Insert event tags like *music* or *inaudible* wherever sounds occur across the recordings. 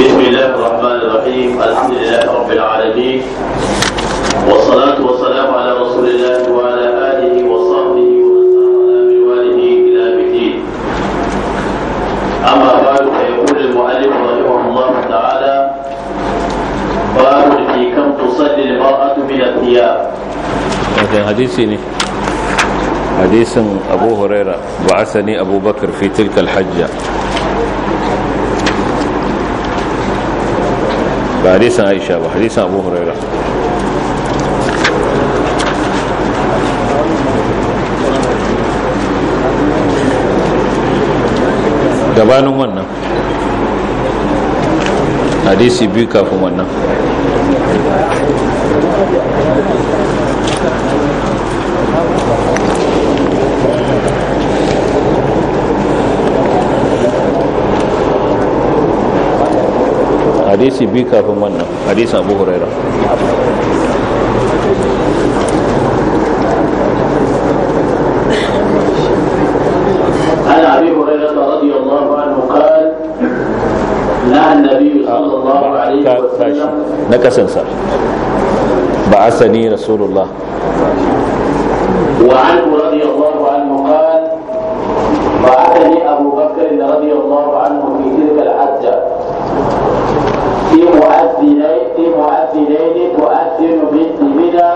بسم الله الرحمن الرحيم الحمد لله رب العالمين والصلاة والسلام على رسول الله وعلى آله وصحبه ومن سار بواله إلى الدين أما بعد فيقول المؤلف رحمه الله تعالى باب في كم تصلي المرأة من الثياب لكن حديثي حديث أبو هريرة بعثني أبو بكر في تلك الحجة ba hadisin aisha ba hadisin abu huraira gabanin wannan hadisi biyu kafin wannan hadisi bi kafin wannan hadisin abu huraira عن ابي هريره رضي الله عنه قال نهى النبي صلى الله عليه وسلم نكسن صح بعثني رسول الله وعنه رضي الله عنه قال بعثني ابو بكر رضي الله عنه في في مؤذنين في مؤذنين تؤذن بنت بدع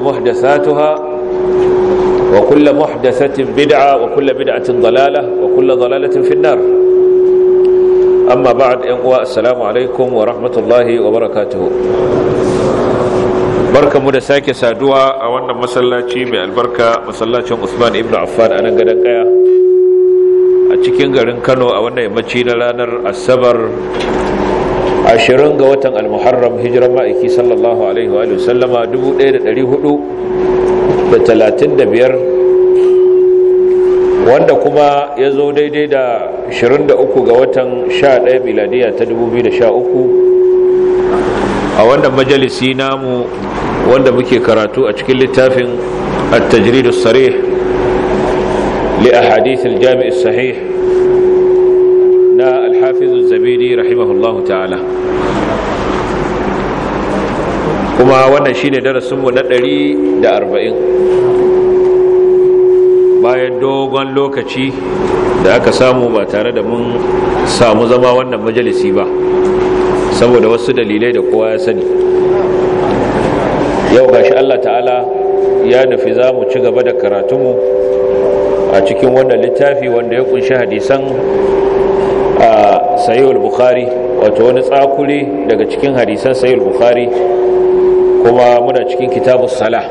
الأمور محدثاتها وكل محدثة بدعة وكل بدعة ضلالة وكل ضلالة في النار أما بعد السلام عليكم ورحمة الله وبركاته barka mu da sake saduwa a wannan masallaci mai albarka masallacin Usman ibn Affan a nan gadan kaya a cikin garin Kano a wannan yammaci na ranar Asabar ashirin ga watan almuharram hijiran ma'aiki sallallahu alaihi wa sallama 1435 wanda kuma ya zo daidai da 23 ga watan 11 miladiya ta 2013 a wanda majalisi namu wanda muke karatu a cikin littafin التجريد الصريح لأحاديث الجامع الصحيح na alhafizu zabiri rahimahullahu ta'ala kuma wannan shine darasinmu na ɗari da arba'in bayan dogon lokaci da aka samu ba tare da mun samu zama wannan majalisi ba saboda wasu dalilai da kowa ya sani yau gashi Allah ta'ala ya nufi za mu ci gaba da karatunmu a cikin wannan littafi wanda ya kunshi hadisan a sayi bukhari wato wani tsakuri daga cikin hadisan sayi bukhari kuma muna cikin kitabus sala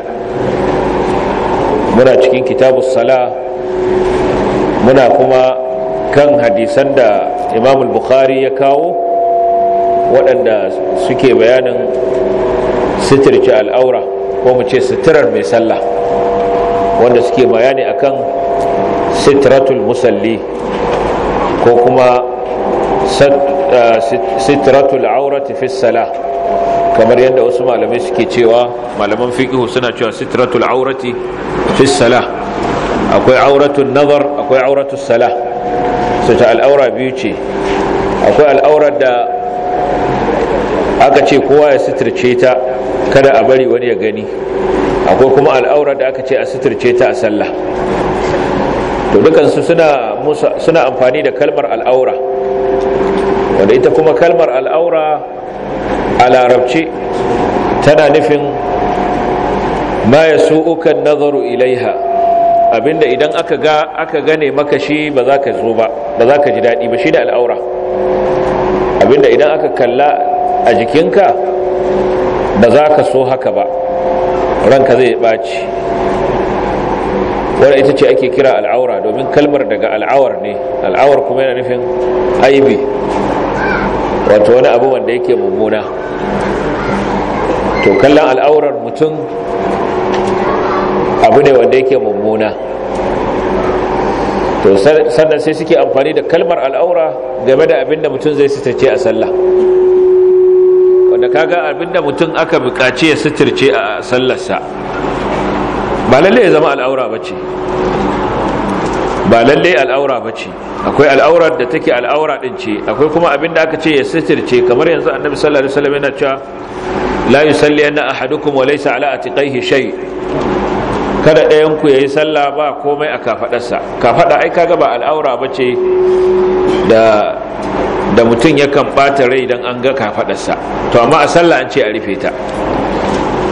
muna cikin kitabus sala muna kuma kan hadisan da imam al bukhari ya kawo waɗanda suke bayanin sitirce al'aura ko mu ce sitirar mai sallah wanda suke bayani akan sitratul musalli ko kuma eh, sitratul aurati fi salah kamar yadda wasu malamai suke cewa malaman fiqhu suna cewa sitratul aurati fi salah akwai auratun nazar akwai auratus salah sai al'aura biyu ce akwai al'aurar da aka ce kowa ya suturce ta kada a bari wani ya gani akwai kuma al'aurar da aka ce a suturce ta a sallah to dukansu suna amfani da kalmar al'aura wanda ita kuma kalmar al'aura a larabci tana nufin ma ya su'ukan nazaru ilaiha abinda idan aka ga aka gane maka shi ba za ka zo ba ba za ka ji daɗi ba shi da al'aura abinda idan aka kalla a jikinka ba za ka so haka ba ranka zai ɓaci wadda ita ce ake kira al'aura domin kalmar daga al'awar ne al'awar kuma yana nufin aibi wato wani abu wanda yake mummuna to kallon al'aurar mutum abu ne wanda yake mummuna to sannan sai suke amfani da kalmar al'aura game da abinda mutum zai sitace a sallah wanda kaga abin da mutum aka buƙaci ya sitirce a sallarsa ba lalle ya zama al'aura ba ce ba lallai al'aura ba ce akwai al'aurar da take al'aura din ce akwai kuma abin da aka ce ya sitirce kamar yanzu annabi sallallahu alaihi wasallam yana cewa la yusalli anna ahadukum wa laysa ala atiqaihi shay kada ɗayan ku yayi sallah ba komai a kafadarsa kafada ai kaga ba al'aura ba ce da da mutum yakan bata rai dan an ga kafadarsa to amma a sallah an ce a rufe ta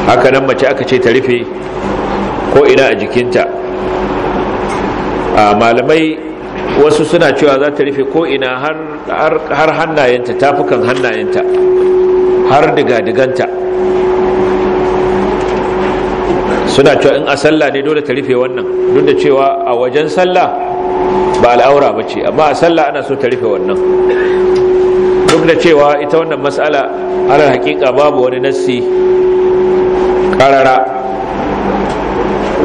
haka nan mace aka ce ta rufe ko ina a jikinta malamai wasu suna cewa za ta rufe ko'ina har hannayenta tafukan hannayenta har diga-diganta suna cewa in a sallah ne dole ta rufe wannan duk da cewa a wajen sallah ba al'aura ba ce amma a sallah ana so ta rufe wannan duk da cewa ita wannan matsala ana hakika babu wani nassi karara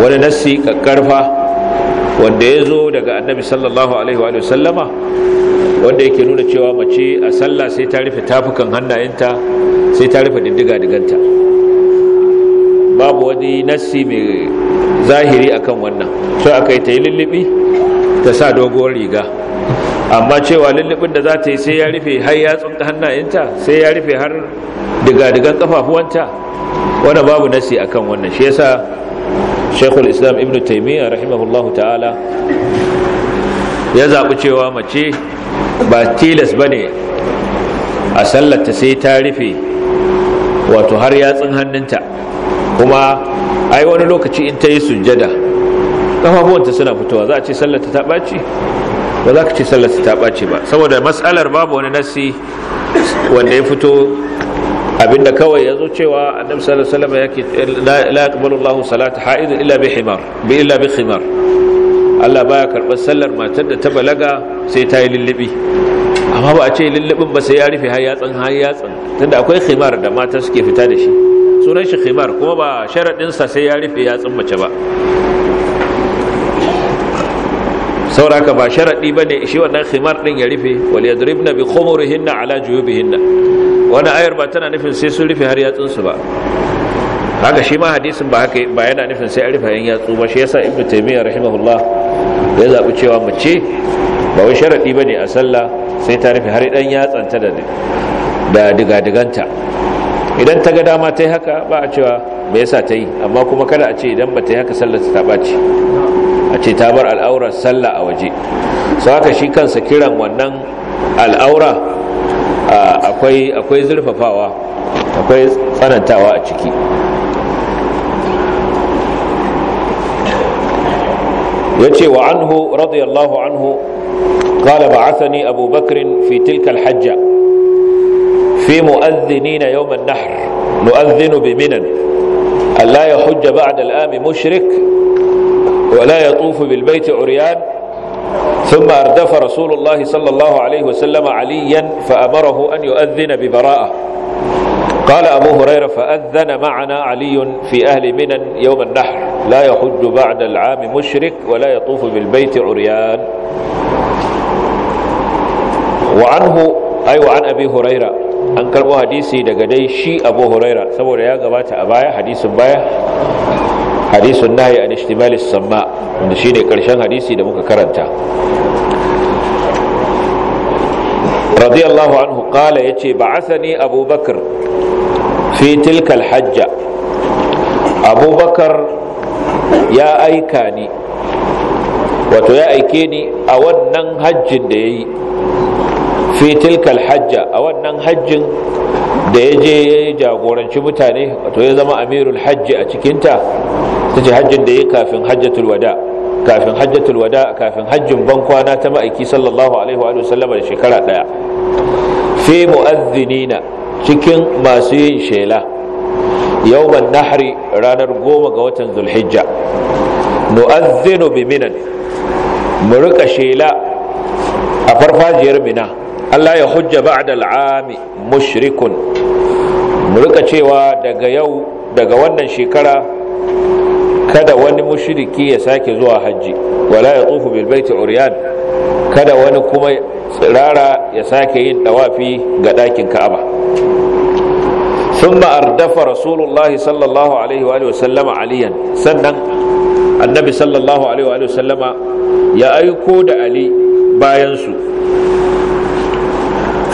wani nassi karfa wanda ya zo daga annabi sallallahu alaihi wa sallama wanda yake nuna cewa mace a sallah sai ta rufe tafukan hannayenta sai ta rufe diddiga diganta babu wani nassi mai zahiri akan wannan so aka ta yi lullubi ta sa doguwar riga amma cewa lullubin da za ta yi sai ya rufe har yatsun hannayenta sai ya rufe har diga-digan kafafuwanta wanda babu nassi akan wannan shi yasa shekul islam ibn taimiyya rahimahullahu ta'ala ya zaɓi cewa mace ba tilas ba ne a sallata sai ta rufe wato har yatsun hannunta kuma ai wani lokaci in ta yi sujjada kafafuwanta suna fitowa za a ce sallata ta ɓaci ba za ka ce sallarta ta ɓaci ba saboda matsalar babu wani nasi wanda ya fito abinda kawai yazo cewa annabi sallallahu alaihi wasallam yake la yaqbalu Allahu salata ha'id illa bi himar bi illa bi khimar Allah baya karɓar sallar matar da ta balaga sai ta yi lullubi amma ba a ce lullubin ba sai ya rufe har yatsan har yatsan tunda akwai khimar da mata suke fita da shi sunan shi khimar kuma ba sharadin sa sai ya rufe yatsan mace ba sauraka ba sharadi bane shi wannan khimar din ya rufe wal yadribna bi khumurihinna ala juyubihinna wani ayar ba tana nufin sai sun rufe har yatsunsu ba haka shi ma hadisin ba haka ba yana nufin sai an rufe yan yatsu ba shi yasa ibnu taymiya rahimahullah ya zabi cewa mace ba wai ba bane a sallah sai ta rufe har dan yatsanta da da digadiganta idan ta ga dama ta yi haka ba a cewa me yasa ta yi amma kuma kada a ce idan ba ta yi haka sallar ta bace, a ce ta bar al'aurar sallah a waje sau haka shi kansa kiran wannan al'aura akwai akwai zurfafawa akwai tsanantawa a ciki yace wa anhu radiyallahu anhu قال بعثني أبو بكر في تلك الحجة في مؤذنين يوم النحر نؤذن بمنن ألا يحج بعد الآم مشرك ولا يطوف بالبيت عريان ثم أردف رسول الله صلى الله عليه وسلم عليا فأمره أن يؤذن ببراءة قال أبو هريرة فأذن معنا علي في أهل منى يوم النحر لا يحج بعد العام مشرك ولا يطوف بالبيت عريان وعنه أي أيوة وعن أبي هريرة an karbo hadisi daga dai shi abu huraira saboda ya gabata a baya hadisin baya hadisun nahi an ishtimali samma wanda shine karshen hadisi da muka karanta radiyallahu anhu qala yace ba'athani abubakar fi tilka alhajja abubakar ya aika ni wato ya aike ni a wannan hajjin da yayi fi tilka alhajja a wannan hajjin da ya je ya jagoranci mutane wato ya zama amirul hajji a cikinta ta ce hajjin da ya kafin hajjatul wada kafin hajjatul wada kafin hajjin bankwana ta ma'aiki sallallahu alaihi wa sallama da shekara daya fi mu'azzinina cikin masu yin shela yawman nahri ranar goma ga watan zulhijja nu'azzinu bi minan mu rika shela a farfajiyar mina Allah ya hujja ba'da al'ami mushrikun mu rika cewa daga yau daga wannan shekara kada wani mushriki ya sake zuwa hajji wala ya tsufu bil baiti uryan kada wani kuma tsirara ya sake yin dawafi ga ɗakin ka'aba thumma ardafa rasulullahi sallallahu alaihi wa sallama aliyan sannan annabi sallallahu alaihi wa sallama ya aiko da ali bayan su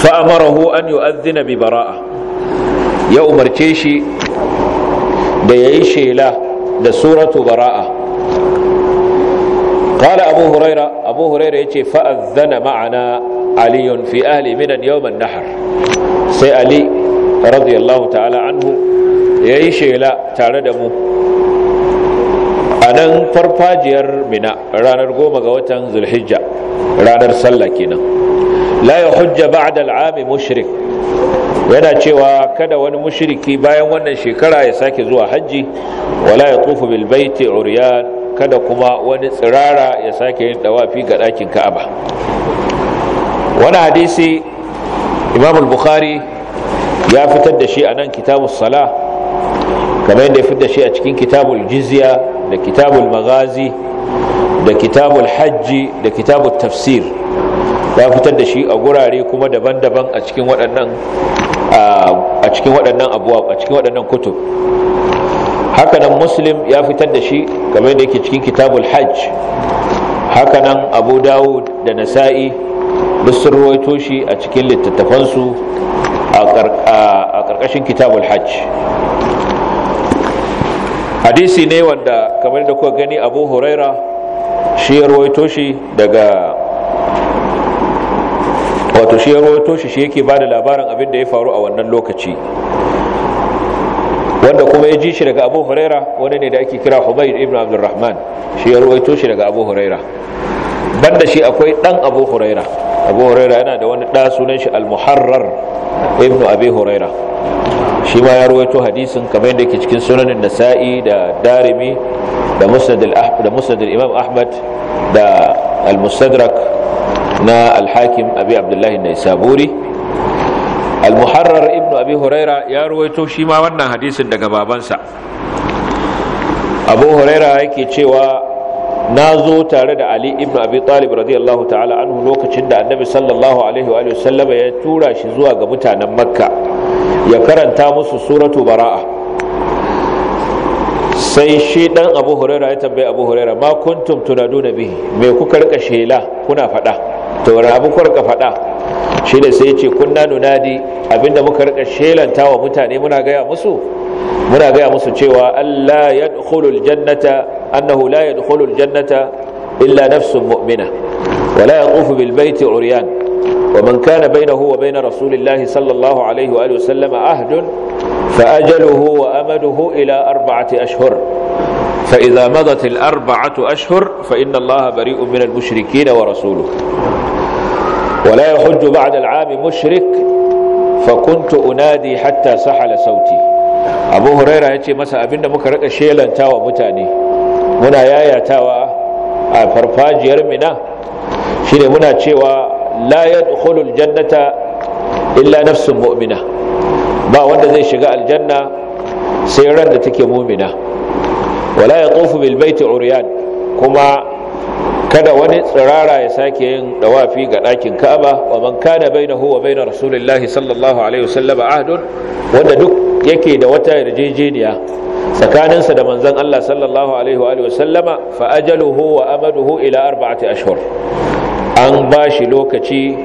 fa amarahu an yu'adhdhina bi bara'a ya umarce shi da yayi shela da suratu bara'a قال أبو هريرة أبو هريرة يتي فأذن معنا علي في أهل من يوم النحر ta'ala Anhu, رضي الله تعالى عنه da لا A nan farfajiyar Minna, ranar goma ga watan zulhijja ranar sallah kenan la ya hujja ba'da al'ami mushrik yana cewa kada wani mushriki bayan wannan shekara ya sake zuwa hajji wala ya tufu bil baiti kada kuma wani tsirara ya sake yin dawafi ga ɗakin ka'aba wani hadisi imam al-bukhari ya fitar da shi a nan kitabus sala kamar yadda ya fitar da shi a cikin kitabul jizya da kitabul magazi da kitabul hajji da kitabun tafsir ya fitar da shi a gurare kuma daban-daban a cikin waɗannan a cikin waɗannan abuwa a cikin waɗannan kutub hakanan muslim ya fitar da shi kamar da yake cikin kitabul hajj hakanan abu dawud da nasa'i duk sun ruwaito shi a cikin littattafansu a ƙarƙashin kitabul hajj hadisi ne wanda kamar da kuka gani abu huraira shi ya ruwaito shi daga wato shi ya rawaito shi shi yake bada labarin abin da ya faru a wannan lokaci wanda kuma ya ji shi daga abu huraira wani ne da ake kira hubayd ibn abdurrahman shi ya rawaito shi daga abu huraira banda shi akwai dan abu huraira abu huraira yana da wani da sunan shi al-muharrar ibn abi huraira shi ma ya rawaito hadisin kamar yadda yake cikin sunanin nasa'i da darimi da musnad al-imam ahmad da al-mustadrak na alhakim abi abdullahi na isaburi al ibnu abi huraira ya ruwaito shi ma wannan hadisin daga babansa abu huraira yake cewa na zo tare da ali ibn abi talib radiyallahu ta'ala anhu lokacin da annabi sallallahu alaihi wa sallama ya tura shi zuwa ga mutanen makka ya karanta musu suratu bara'a sai shi dan abu huraira ya tambayi abu huraira ma kuntum tunaduna bihi me kuka rika shela kuna faɗa to wani abu kwarka faɗa shi da sai ce kunna nunadi abinda muka rika shelanta wa mutane muna gaya musu muna gaya musu cewa Allah ya dukhulul jannata annahu la ya jannata illa nafsun mu'mina wala la yaqufu bil baiti uryan wa man kana bainahu wa bain rasulillahi sallallahu alaihi wa alihi wasallam ahdun fa ajaluhu wa amaduhu ila arba'ati ashhur فإذا مضت الأربعة أشهر فإن الله بريء من المشركين ورسوله ولا يحج بعد العام مشرك فكنت انادي حتى sauti. صوتي ابو ya ce masa abin da muka rika wa mutane muna yayatawa a farfajiyar mina shine muna cewa la yadkhulu aljannata illa nafsu mu'mina ba wanda zai shiga aljanna sai ran da take mu'mina Walaya yatufu bil bait kuma kada wani tsirara ya sake yin dawafi ga ɗakin ka'aba wa man kana bainahu wa bain rasulillahi sallallahu alaihi wasallam ahdun wanda duk yake da wata yarjejeniya tsakaninsa da manzon Allah sallallahu alaihi wa sallama fa ajaluhu wa amaduhu ila arba'ati ashhur an bashi lokaci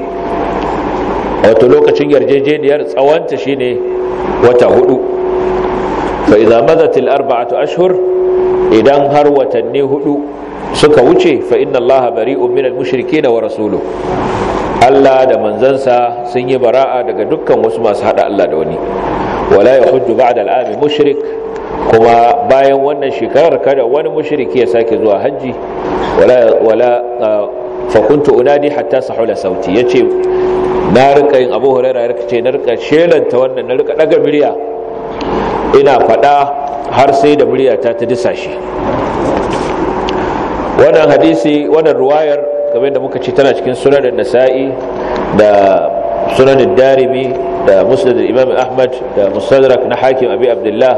wato lokacin yarjejeniyar tsawanta shine wata hudu fa idza madat al arba'atu ashhur idan har watanni hudu suka wuce fa inna allaha bari'un minal mushrikeena wa rasulu. Allah da manzansa sun yi bara'a daga dukkan wasu masu hada Allah da wani wala yahujju ba'da al'ami mushrik kuma bayan wannan shekarar kada wani mushriki ya sake zuwa haji wala wala fa kuntu unadi hatta sahula sauti yace na rika yin Abu Hurairah ya rika ce na rika shelanta wannan na rika daga murya ina fada har sai da murya ta ta disa shi wannan hadisi wannan ruwayar kamar da muka ce tana cikin sunan nasa'i da sunan darimi da musnad imam ahmad da musadrak na hakim abi abdullah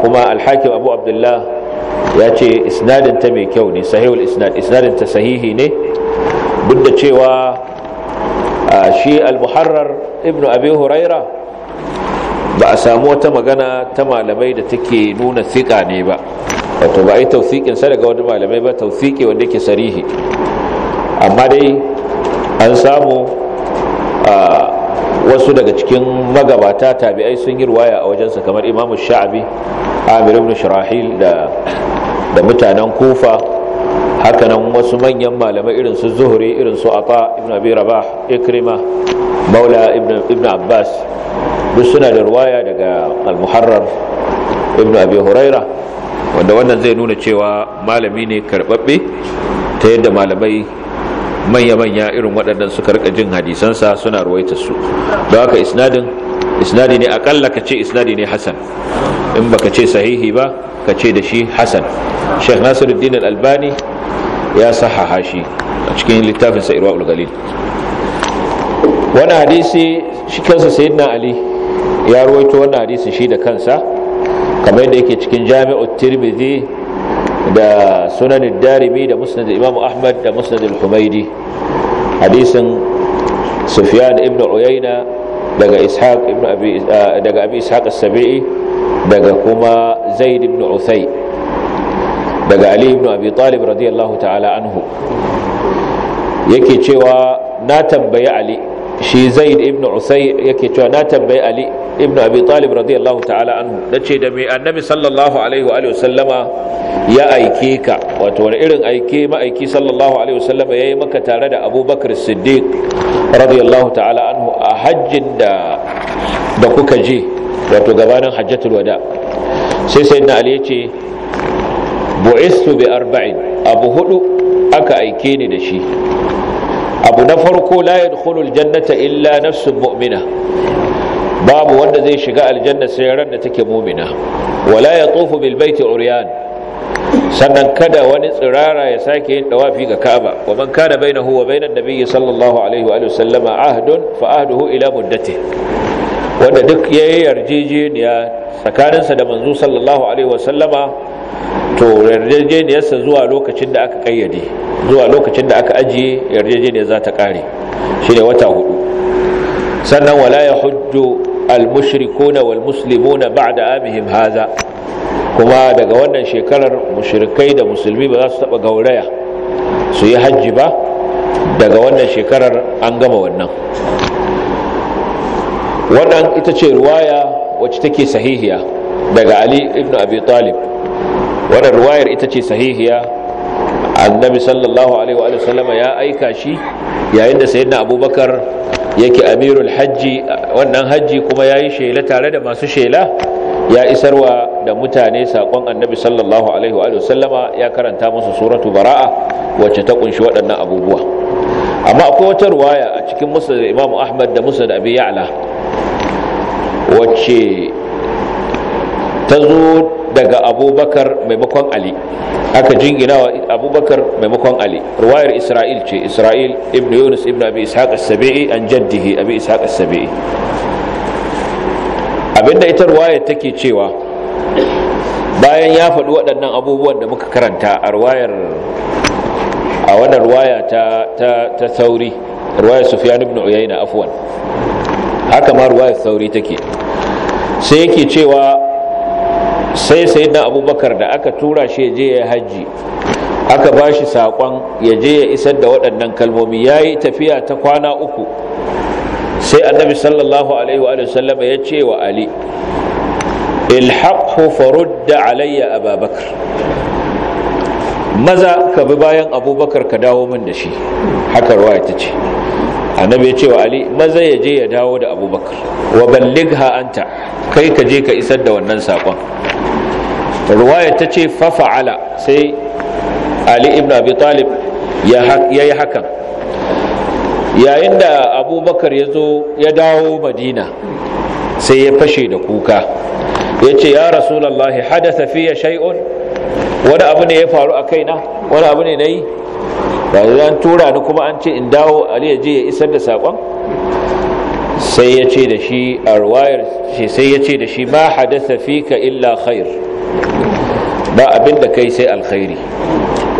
kuma al-hakim abu abdullah ya ce isnadin ta mai kyau ne sahihul isnad isnadin ta sahihi ne duk da cewa shi al-muharrar ibnu abi huraira ba a samu wata magana ta malamai da take nuna siƙa ne ba wato ba a yi tausiƙin sa daga wani malamai ba tausiƙi wanda yake sarihi amma dai an samu wasu daga cikin magabata tabi'ai sun yi ruwaya a wajensa kamar imamu sha'abi amir ibn shirahil da mutanen kufa hakanan wasu manyan malamai irinsu zuhuri irinsu su ata ibn abi rabah ikrima maula ibn abbas duk suna da ruwaya daga al-muharrar ibn abi huraira wanda wannan zai nuna cewa malami ne karbabbe ta yadda malamai manya-manya irin waɗannan suka rika jin hadisansa suna ruwaita su Da haka isnadin isnadi ne akalla ka ce isnadi ne hasan in baka ce sahihi ba ka ce da shi hasan sheikh nasiruddin al-albani ya sahaha shi a cikin littafin sa irwa galil wani hadisi shi kansa sayyidina ali ya ruwaito wani hadisi shi da kansa kamar yadda yake cikin jami'u tirmidhi da sunan darimi da musnad imam ahmad da musnad al-humaidi hadisin sufyan ibn uyayna daga ishaq ibn abi ah, daga abi ishaq as-sabi'i daga kuma zaid ibn uthay daga ali ibn abi talib radiyallahu ta'ala anhu yake cewa na tambaye ali shi zaid ibn usai yake cewa na tambayi ali ibn abi talib radiyallahu ta'ala anhu nace da mai annabi sallallahu alaihi wa alihi sallama ya aike ka wato wani irin aike ma'aiki sallallahu alaihi wa sallama yayi maka tare da abubakar siddiq radiyallahu ta'ala anhu a hajjin da da kuka je wato gabanin hajjatul wada sai sayyidina ali yace bu'istu bi arba'in abu hudu aka aike ni da shi abu na farko la yadkhulul jannata illa nafsun mu'mina babu wanda zai shiga aljanna sai ran da take mu'mina wala ya bil bilbaiti uryan sannan kada wani tsirara ya sake yin dawafi ga Ka'aba wa man kana bainahu wa bainan nabiyyi sallallahu alaihi wa sallama ahdun fa ahduhu ila muddati wanda duk yayi yarjejeniya tsakaninsa da manzo sallallahu alaihi wa sallama to yarjejeniyarsa zuwa lokacin da aka kayyade zuwa lokacin da aka ajiye yarjejeniyar za ta kare shi ne wata hudu sannan wala ya hujjo almushrikuna wal muslimuna ba'da amihim haza kuma daga wannan shekarar mushrikai da musulmi ba za su taba gauraya su yi hajji ba daga wannan shekarar an gama wannan wannan ita ce ruwaya wacce take sahihiya daga ali ibnu abi talib wannan ruwayar ita ce sahihiya annabi sallallahu alaihi wa ya aika shi yayin da sayyidina abubakar yake amirul hajji wannan hajji kuma yayi shela tare da masu shela ya isarwa da mutane sakon annabi sallallahu alaihi wa sallama ya karanta musu suratu bara'a wacce ta kunshi waɗannan abubuwa amma akwai wata ruwaya a cikin musa da imamu ahmad da musa da abi ya'la wacce ta zo daga abubakar maimakon ali aka jingina wa abubakar maimakon ali ruwayar isra'il ce isra'il ibn yunus ibn abi ishaq as-sabi'i an jaddihi abi ishaq as-sabi'i abinda ita ruwayar take cewa bayan ya faɗi waɗannan abubuwan da muka karanta a ruwayar a wannan ruwaya ta ta ta sauri ruwayar sufyan ibn uyayna afwan haka ma ruwayar sauri take sai yake cewa sai sayyidina abubakar da aka tura shi je ya hajji aka ba shi saƙon ya je ya isar da waɗannan kalmomi ya yi tafiya ta kwana uku sai annabi sallallahu alaihi wa sallama ya ce wa ali ilhaqhu farudda alayya ababakar maza ka bi bayan abubakar ka dawo min da shi haka ruwa ta ce annabi ya ce wa ali maza ya je ya dawo da abubakar wa balligha anta kai ka je ka isar da wannan saƙon ruwaya ta ce fafa'ala sai ali ibn abi talib ya yi hakan yayin da abubakar ya zo ya dawo madina sai ya fashe da kuka ya ce ya rasulallah hadatha fiye shay'un wani abu ne ya faru a kaina wani abu ne na yi ba zan tura ni kuma an ce in dawo ali ya je ya isar da sakon sai ya ce da shi a ruwayar shi sai ya ce da shi ma hadatha fika illa khair ba abin da kai sai alkhairi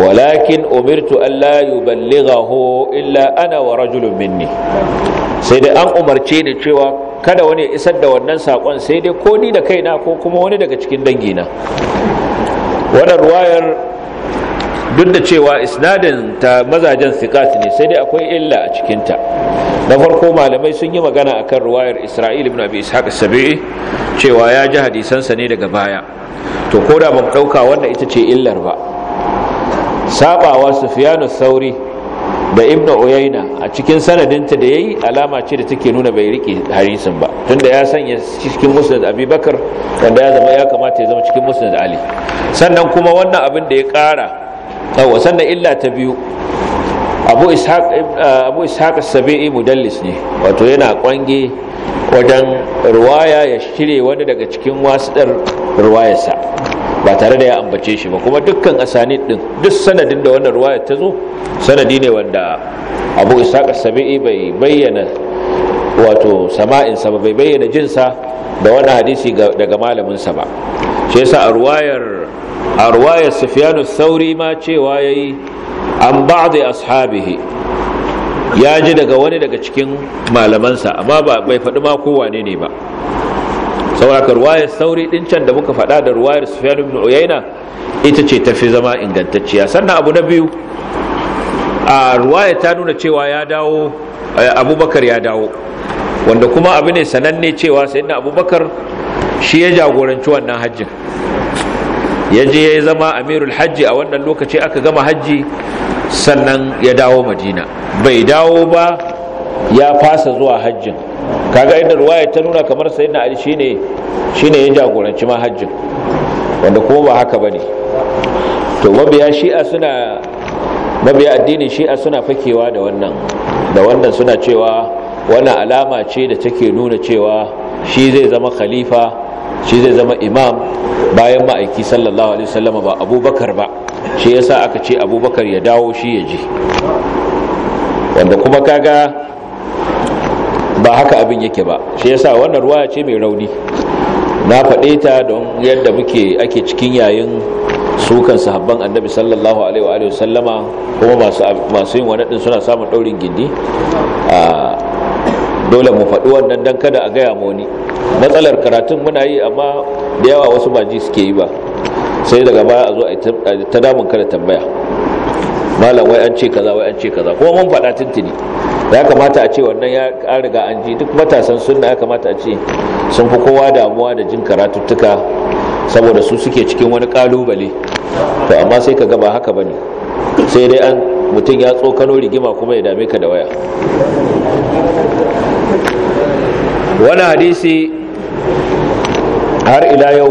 walakin umirtu an la yuballighahu illa ana wa rajulun minni sai dai an umarce ni cewa kada wani ya isar da wannan sakon sai dai ko ni da kaina ko kuma wani daga cikin dangina wannan ruwayar duk da cewa isnadin ta mazajen sikat ne sai dai akwai illa a cikinta na farko malamai sun yi magana akan ruwayar isra'il ibn abi ishaq sabi'i cewa ya ji hadisansa ne daga baya to ko da ban ɗauka wanda ita ce illar ba sabawa sufyanu sauri da ibn uyayna a cikin sanadinta da yayi alama ce da take nuna bai rike hadisin ba tunda ya sanya cikin musnad abubakar wanda ya zama ya kamata ya zama cikin musnad ali sannan kuma wannan abin da ya ƙara yawa sannan illa ta biyu abu ishaq sabi'i mudallis ne wato yana kwange wajen ruwaya ya shire wani daga cikin wasiɗar ruwayarsa ba tare da ya ambace shi ba kuma dukkan asani din duk sanadin da wannan ruwaya ta zo sanadi ne wanda abu ishaq sabi'i bai bayyana wato sama'insa ba bai bayyana jinsa da wani hadisi daga malaminsa ba shi yasa a ruwayar a ruwayar sufyanu sauri ma cewa ya yi an da ashabihi ya ji daga wani daga cikin malamansa amma ba bai faɗi ma kowane ne ba sauraka ruwayar sauri ɗin can da muka faɗa da ruwayar sufyanu ibn uyaina ita ce tafi zama ingantacciya sannan abu na biyu a ruwayar ta nuna cewa ya dawo eh, abubakar ya dawo wanda kuma abu ne sananne cewa sayyidina abubakar shi ya jagoranci wannan hajjin ya je ya zama amirul hajji a wannan lokaci aka gama hajji sannan ya dawo madina bai dawo ba ya fasa zuwa hajjin kaga inda ruwaya ta nuna kamar sayyidina ali shine shine ya jagoranci ma hajjin wanda kuma ba haka bane to mabiya shi'a suna mabiya addinin shi'a suna fakewa da wannan da wannan suna cewa wannan alama ce da take nuna cewa shi zai zama khalifa shi zai zama imam bayan ma'aiki sallallahu alaihi wasallama ba abubakar ba shi yasa aka ce abubakar ya dawo shi ya ji wanda kuma kaga ba haka abin yake ba shi yasa wannan ruwaya ce mai rauni na faɗe ta don yadda muke ake cikin yayin sukan sahabban annabi sallallahu alaihi wa sallama kuma masu yin wani suna samun ɗaurin gindi ah, dole mu faɗi wannan don kada a gaya ma wani matsalar karatun muna yi amma da yawa wasu ba ji suke yi ba sai daga baya a zo a ta damun kada tambaya malam wai an ce kaza wai an ce kaza kuma mun faɗa tuntuni ya kamata a ce wannan ya ƙariga riga an ji duk matasan sunna ya kamata a ce sun fi kowa damuwa da jin karatuttuka saboda su suke cikin wani kalubale to amma sai ka gaba haka bane sai dai an mutum ya tsokano rigima kuma ya dame ka da waya wani hadisi har ila yau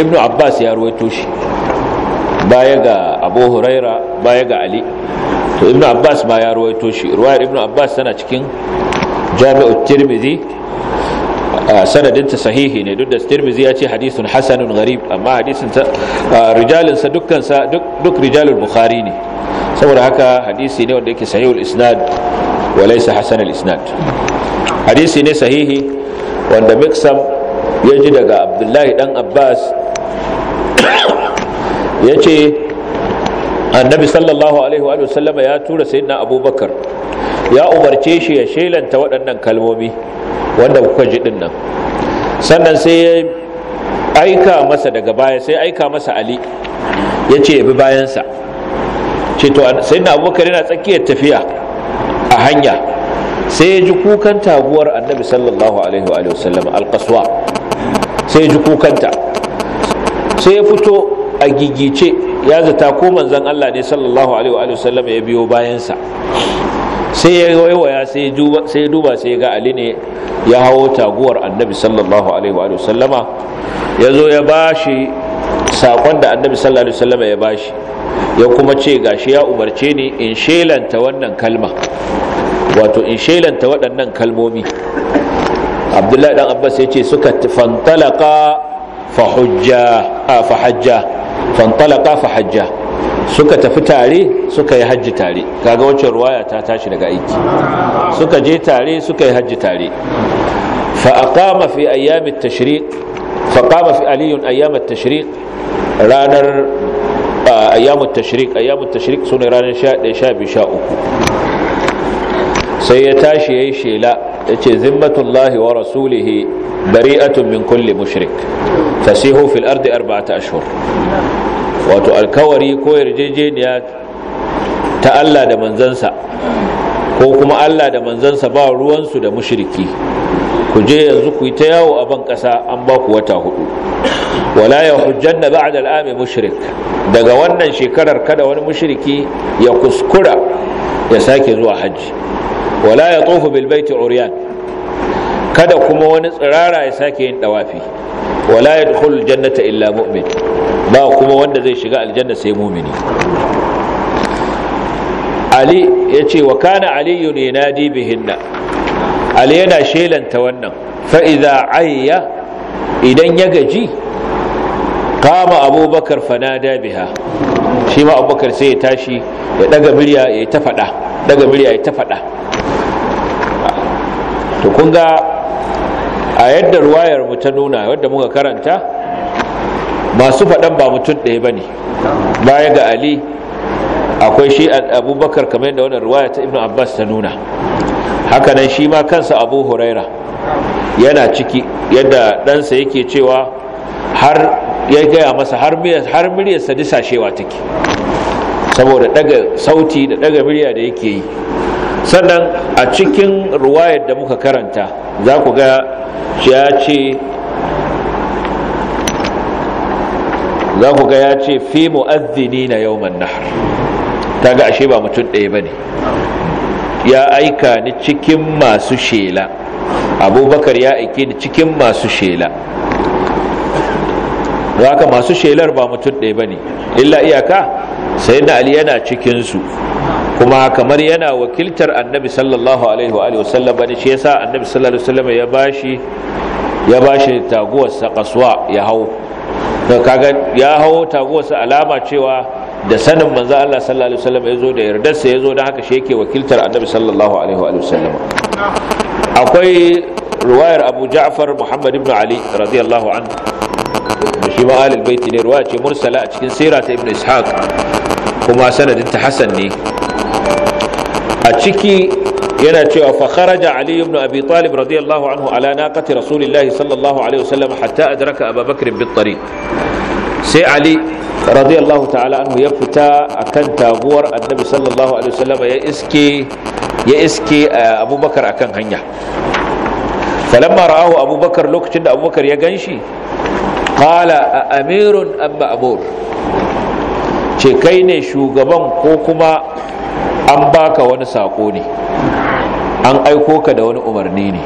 ibnu abbas ya ruwaito shi baya ga abu huraira baya ga ali to ibnu abbas ma ya ruwaito shi ruwayar ibnu abbas tana cikin jami'u tirmidhi sanadinta sahihi ne duk da tirmidhi ya ce hadithun hasanun gharib amma hadithun rijalin sa dukkan sa duk rijalul bukhari ne saboda haka hadisi ne wanda yake sahihul isnad wa laysa hasanul isnad hadisi ne sahihi wanda miksam ya ji daga abdullahi dan abbas *coughs* ya ce annabi sallallahu alaihi wa sallama ya tura sayyidina abubakar ya umarce shi ya shelanta waɗannan kalmomi wanda kuka ji ɗin nan sannan sai ya aika masa daga baya sai aika masa ali ya ce ya bi bayansa ce to sai na abubakar yana tsakiyar tafiya a hanya sai ya ji kukan taguwar annabi sallallahu alaihi wa sallam alkaswa sai ji kukanta sai ya fito a gigice ya zata ko manzon Allah ne sallallahu alaihi wa sallam ya biyo bayansa sai ya waya sai ya duba sai ya ga Ali ne ya hawo taguwar annabi sallallahu alaihi wa sallama ya zo ya bashi saƙon da annabi sallallahu alaihi wa sallama ya bashi ya kuma ce gashi ya umarce ni in shelanta wannan kalma wato in shelanta waɗannan kalmomi abdullahi dan abbas ya ce suka fantalaka fa fa hujja hajja fantalaka fa hajja suka tafi tare suka yi hajji tare kaga wacce ruwaya ta tashi daga aiki suka je tare suka yi hajji tare fa aqama fi ayyam at-tashriq fa qama fi ali ayyam at-tashriq ranar ayyam at-tashriq ayyam at-tashriq sunan ranar 11 12 13 sai ya tashi yayi shela yace zimmatullahi wa rasulihi bari'atun min kulle mushrik fasihu fil ardi arba'ata ashhur wato alkawari ko yarjejeniya ta Allah da manzansa ko kuma Allah da manzansa ba ruwansu da mushriki ku je yanzu ku yi ta yawo a ban ƙasa an ba ku wata hudu wala ya hujjan na ba'ad al'ami mushrik daga wannan shekarar kada wani mushriki ya kuskura ya sake zuwa hajji wala ya tsofa bilbaiti oriyan kada kuma wani tsirara ya sake yin dawafi wala ya dukul jannata illa mu'min ba kuma wanda zai shiga aljanna sai mumini ali ya ce wa kana aliyu ne na dibihinna ali yana shelanta wannan fa'iza ayya idan ya gaji kama abubakar fanada biha shi ma abubakar sai ya tashi ya daga murya ya ta faɗa daga ya ta faɗa to kun ga a yadda ruwayar mu ta nuna yadda muka karanta masu faɗan ba mutum ɗaya ba ne baya ga ali akwai shi abubakar kamar yadda wannan ruwaya ta ibn abbas ta nuna hakanan shi ma kansa abu huraira yana ciki yadda ɗansa yake cewa har ya gaya masa har sadisa disashewa take saboda ɗaga sauti da ɗaga murya da yake yi sannan a cikin ruwayar da muka karanta za ku ga ya ce za ku ga ya ce fi mu'azzini na yawman nahar ta ga ashe ba mutum ɗaya ba ne ya aika ni cikin masu shela abubakar ya aike ni cikin masu shela za ka masu shelar ba mutum ɗaya ba ne illa iyaka sai na ali yana cikinsu kuma kamar yana wakiltar annabi sallallahu alaihi wa sallam, ne shi yasa annabi sallallahu alaihi wasallama ya bashi ya bashi taguwar sa kaswa ya hau to kaga ya hau taguwar sa alama cewa da sanin manzo Allah sallallahu alaihi wa wasallama yazo da yardar sa yazo da haka shi yake wakiltar annabi sallallahu alaihi wa sallam. akwai ruwayar Abu Ja'far Muhammad ibn Ali radiyallahu anhu shi ma alil baiti ne ruwaya ce mursala a cikin sirata ibn Ishaq kuma sanadin ta hasan ne a ciki yana cewa fa kharaja ali ibn abi talib radiyallahu anhu ala naqati rasulillahi sallallahu alaihi wasallam hatta adraka abubakar bit tariq sai ali radiyallahu ta'ala anhu ya fita akan taguwar annabi sallallahu alaihi wasallam ya iske ya iske eh, abubakar akan hanya falamma ra'ahu abubakar lokacin da abubakar ya ganshi qala amirun amma abur ce kai ne shugaban ko kuma an baka wani sako ne an aiko ka da wani umarni ne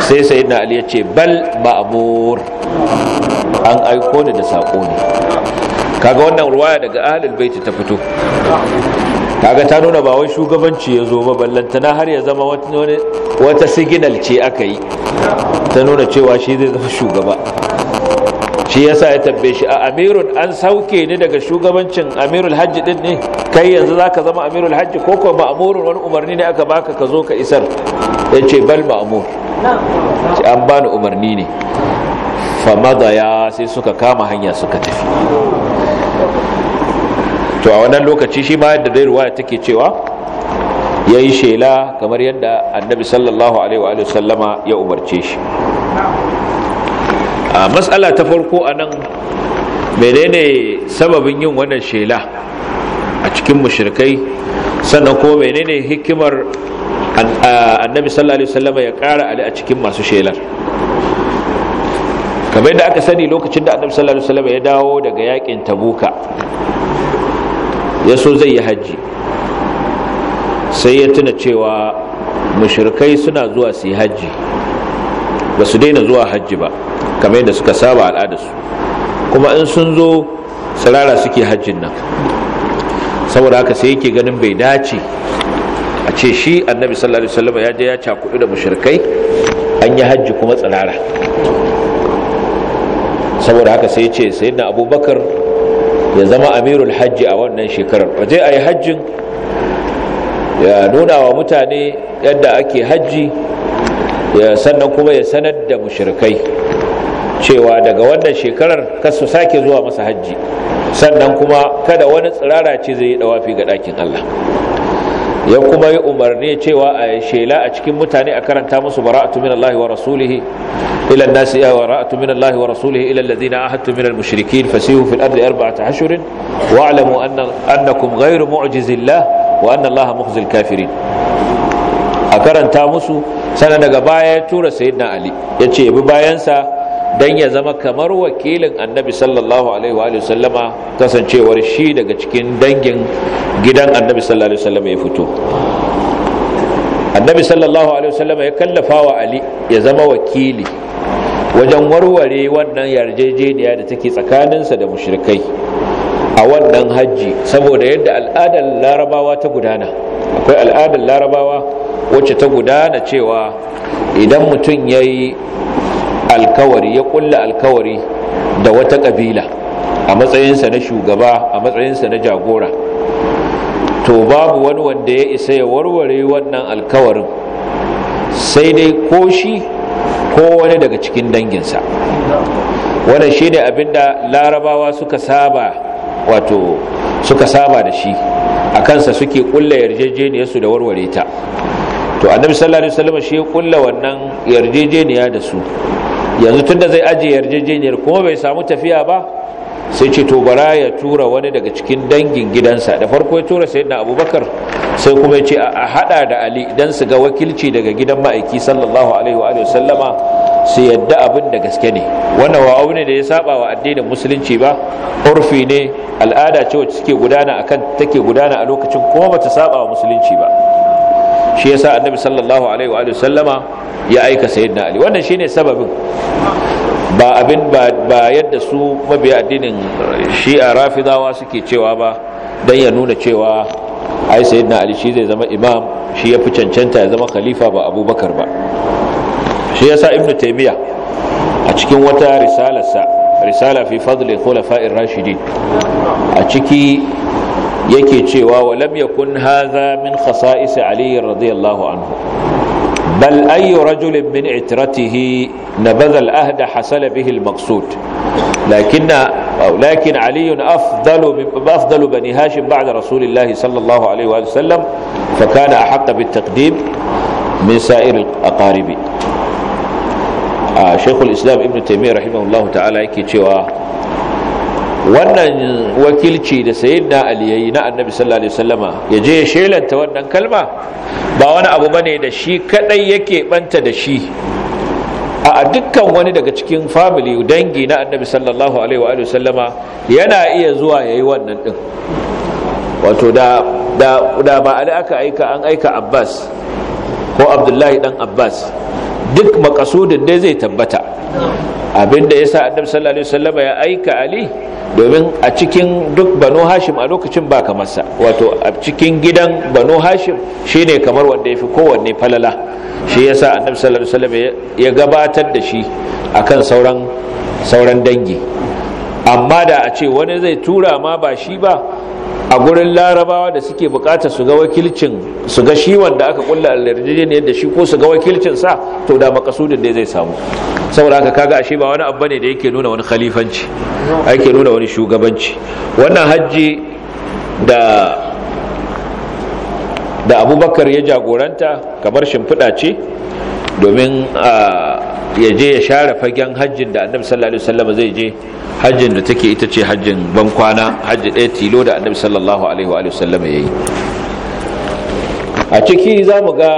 sai sai na ali ya ce bal ma'amur an aiko ni da sako ne kaga wannan ruwaya daga ahlul baiti ta fito kaga ta nuna ba wai shugabanci ya zo ba ballantana har ya zama wata signal ce aka yi ta nuna cewa shi zai zama shugaba shi yasa ya tambaye shi a amirun an sauke ni daga shugabancin amirul hajji din ne kai yanzu zaka zama amirul hajji ko ko ma'murun wani umarni ne aka baka ka zo ka isar yace bal ma'mur an bani umarni ne fa madaya sai suka kama hanya suka tafi to a wannan lokaci shi ma yadda dai ruwaya take cewa yayi shela kamar yadda annabi sallallahu alaihi wa sallama ya umarce shi a matsala ta farko a nan menene sababin yin wannan shela a cikin mushrikai sannan ko menene hikimar annabi sallallahu alaihi wasallam ya ƙara ali a cikin masu shelar kamar yadda aka sani lokacin da annabi sallallahu alaihi wasallam ya dawo daga yakin tabuka ya so zai yi hajji sai ya tuna cewa mushrikai suna zuwa su yi hajji ba su daina zuwa hajji ba kamar yadda suka saba al'adarsu kuma in sun zo tsirara suke hajjin nan saboda haka sai yake ganin bai dace a ce shi annabi sallallahu alaihi wasallam ya je ya kudu da mushrikai an yi hajji kuma tsirara saboda haka sai ce sayyidina abubakar ya zama amirul hajji a wannan shekarar waje ayi hajjin ya nuna wa mutane yadda ake hajji ya sannan kuma ya sanar da mushirikai, cewa daga wannan shekarar kasu sake zuwa masa hajji sannan kuma kada wani tsirara ce zai yi dawafi ga ɗakin Allah ya kuma yi umarni cewa a shela a cikin mutane a karanta musu bara'atu min Allah wa rasulihi ila an-nas ya bara'atu min Allah wa rasulihi ila alladhina ahadtu min al-mushrikeen fasihu fil ardi arba'ata ashhurin wa'lamu anna annakum ghayru mu'jizillah wa anna Allah mukhzil kafirin a karanta musu sana daga baya ya tura sayyidina ali ya ce bi bayansa don ya zama kamar wakilin annabi sallallahu alaihi wa sallama kasancewar shi daga cikin dangin gidan annabi sallallahu alaihi wa sallama ya fito annabi sallallahu alaihi sallama ya kallafa wa ali ya zama wakili wajen warware wannan yarjejeniya da take tsakaninsa da mushrikai a wannan hajji saboda yadda al'adar larabawa ta gudana akwai al'adar larabawa wacce ta gudana cewa idan mutum ya yi alkawari ya kulla alkawari da wata ƙabila a matsayinsa na shugaba a matsayinsa na jagora to babu wani wanda ya isa ya warware wannan alkawarin sai dai ko shi ko wani daga cikin danginsa wannan shi ne da larabawa suka saba wato suka saba da shi a kansa suke kulla yarjejeniyarsu da warware ta to annabi sallallahu alaihi wasallam shi ya kulla wannan yarjejeniya da su yanzu tunda zai aje yarjejeniyar kuma bai samu tafiya ba sai ce to bara ya tura wani daga cikin dangin gidansa da farko ya tura sayyidina abubakar sai kuma ya ce a hada da ali dan su ga wakilci daga gidan ma'aiki sallallahu alaihi wa sallama su yadda abin da gaske ne wannan wa da ya saba wa addinin musulunci ba urfi ne al'ada ce wacce suke gudana akan take gudana a lokacin kuma bata saba wa musulunci ba shi yasa annabi sallallahu alaihi wa sallama ya aika sayyidina ali wannan shine sababin ba abin ba yadda su mabiya addinin shi'a rafidawa suke cewa ba dan ya nuna cewa ai sayyidina ali shi zai zama imam shi ya fi cancanta ya zama khalifa ba abubakar ba shi yasa ibnu taymiya a cikin wata risalarsa risala fi fadli khulafa'ir rashidin a ciki yake cewa wa lam yakun hadha min khasa'is ali radiyallahu anhu بل أي رجل من عترته نبذ الأهد حصل به المقصود لكن أو لكن علي أفضل أفضل بني هاشم بعد رسول الله صلى الله عليه وآله وسلم فكان أحق بالتقديم من سائر الأقارب آه شيخ الإسلام ابن تيمية رحمه الله تعالى يكي wannan wakilci da sayyidina ali yayi na annabi sallallahu alaihi wasallama ya je ya shelanta wannan kalma ba wani abu bane da shi kadai yake banta da shi a dukkan wani daga cikin family dangi na annabi sallallahu alaihi wa sallama yana iya zuwa yayi wannan din wato da da da ba ali aka aika an aika abbas ko abdullahi dan abbas duk makasudin dai zai tabbata abinda ya sa Adam sallallahu alaihi ya aika ali domin a cikin duk banu hashim a lokacin ba kamar wato a cikin gidan banu hashim shi ne kamar wanda ya fi kowanne falala shi yasa annabi sallallahu alaihi ya gabatar da shi akan sauran sauran dangi amma da a ce wani zai tura ma ba shi ba a gurin larabawa da suke bukata su ga wakilcin su ga shi wanda aka kulla yarjejeniyar yadda shi ko su ga wakilcin sa to da makasudin da zai samu saboda haka kaga ashe ba wani abu ne da yake nuna wani khalifanci ake nuna wani shugabanci wannan hajji da da abubakar ya jagoranta kamar shimfiɗa ce domin a ah, ya je ya share fagen hajjin da annabi sallallahu alaihi wasallam zai je hajjin da take ita ce hajjin bankwana hajji ɗaya tilo da annabi sallallahu alaihi ya yi a ciki za mu ga